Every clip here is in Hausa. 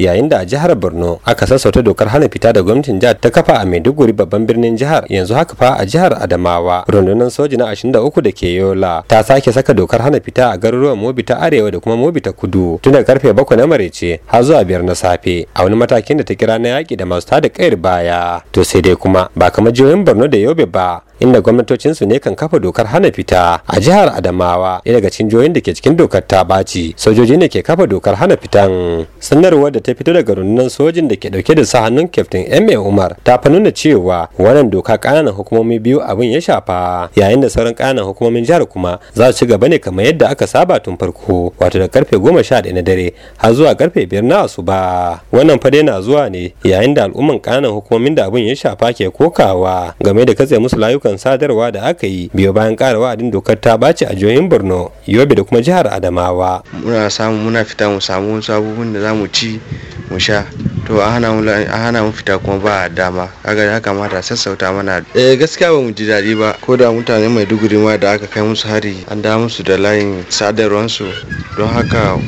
yayin da a jihar borno aka sassauta dokar hana fita da gwamnatin jihar ta kafa a maiduguri babban birnin jihar yanzu haka fa a jihar adamawa rundunar soji na 23 da uku da ke yola ta sake saka dokar hana fita a garuruwan mobi ta arewa da kuma mobi ta kudu tun daga karfe bakwai na marece har zuwa biyar na safe a wani matakin da ta kira na yaƙi da masu tada kayar baya to sai dai kuma ba kamar jihohin borno da yobe ba inda gwamnatocinsu ne kan kafa dokar hana fita a jihar adamawa ɗaya daga cikin jihohin da ke cikin dokar ta baci sojoji ne ke kafa dokar hana fitan sanarwar da ta fito daga rundunar sojin da ke dauke da sa hannun kyaftin ma umar ta fa nuna cewa wannan doka ƙananan hukumomi biyu abin ya shafa yayin da sauran ƙananan hukumomin jihar kuma za su ci gaba ne kamar yadda aka saba tun farko wato da karfe goma sha ɗaya na dare har zuwa karfe biyar na ba. wannan fa na zuwa ne yayin da al'umman ƙananan hukumomin da abin ya shafa ke kokawa game da katse musu layukan katsalandan sadarwa da aka yi biyo bayan ƙara wa'adin dokar ta ɓaci a jihohin borno yobe da kuma jihar adamawa muna samu muna fita mu samu wasu abubuwan da zamu ci mu sha to a hana mu fita kuma ba dama kaga ya kamata sassauta mana eh gaskiya ba mu ji daɗi ba ko da mutane mai duguri ma da aka kai musu hari an da musu da layin sadarwansu don haka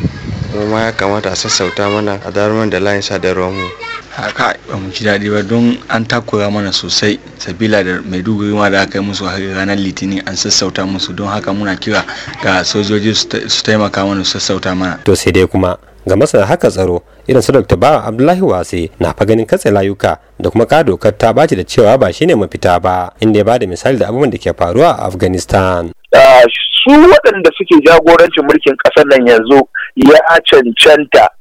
kuma ya kamata a sassauta mana a da layin sadarwar mu. haka ba mu ji daɗi ba don an takura mana sosai sabila da maiduguri ma da aka yi musu har ranar litinin an sassauta musu don haka muna kira ga sojoji su taimaka mana su sassauta mana to sai dai kuma ga masana haka tsaro irin su dr bawa abdullahi wase na fa ganin katse layuka da kuma ka dokar ta baci da cewa ba shine mafita ba inda ya bada misali da abubuwan da ke faruwa a afghanistan su waɗanda suke jagorancin mulkin ƙasar nan yanzu ya cancanta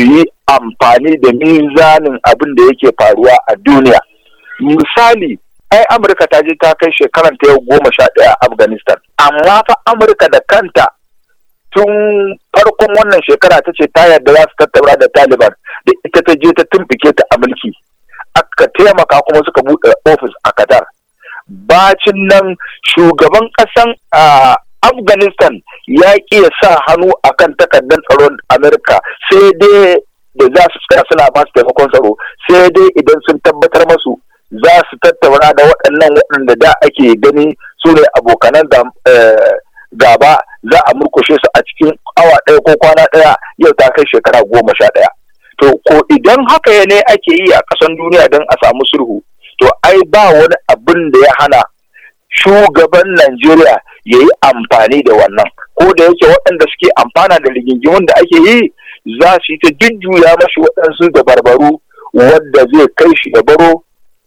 su yi amfani da mizanin abin da yake faruwa a duniya misali ai amurka ta je ta kai shekaran ta yau goma sha ɗaya afghanistan amma fa amurka da kanta tun farkon wannan shekara ta ce ta yarda za su tattaura da taliban da ita ta je ta tumfike ta a mulki aka taimaka kuma suka buɗe ofis a qatar bacin nan shugaban ƙasan ah, afghanistan ya ƙi ya sa hannu a kan takardar tsaron Amurka, sai dai da za su tsaya suna ba su taimakon tsaro sai dai idan sun tabbatar masu za su tattauna da waɗannan waɗanda da ake gani su ne abokanan eh, gaba za a murkushe su a cikin awa ɗaya ko kwana ɗaya yau ta kai shekara goma sha ɗaya. To ko idan haka ne ake yi a ƙasan duniya don a samu sulhu to ai ba wani abin da ya hana shugaban Najeriya ya yi amfani da wannan. ko da yake waɗanda suke amfana da rigingimun da ake yi za su yi ta jujjuya mashi waɗansu da barbaru, wadda zai kai shi da baro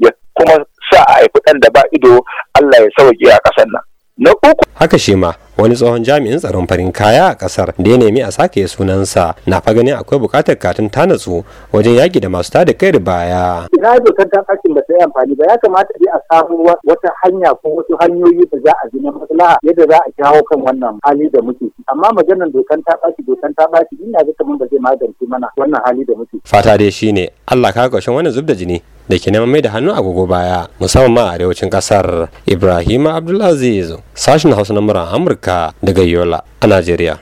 ya kuma sa a haifi ɗan da ba ido Allah ya sauke a ƙasar nan. na uku haka shi ma wani tsohon jami'in tsaron farin kaya a kasar da ya nemi a sake sunansa na fa ganin akwai bukatar katin tanatsu wajen yaki da masu tada kai da baya ina dokar ta kashin ba ta yi amfani ba ya kamata a samu wata hanya ko wasu hanyoyi da za a gina na maslaha yadda za a jawo kan wannan hali da muke amma maganar dokar ta ɓaci dokar ta ɓaci ina ga kamar ba zai magance mana wannan hali da muke fata dai shine Allah ka kwashe wannan zub da jini da ke neman mai da hannu agogo baya musamman ma a arewacin kasar ibrahim abdulaziz sashen hausa na muran amurka daga yola a najeriya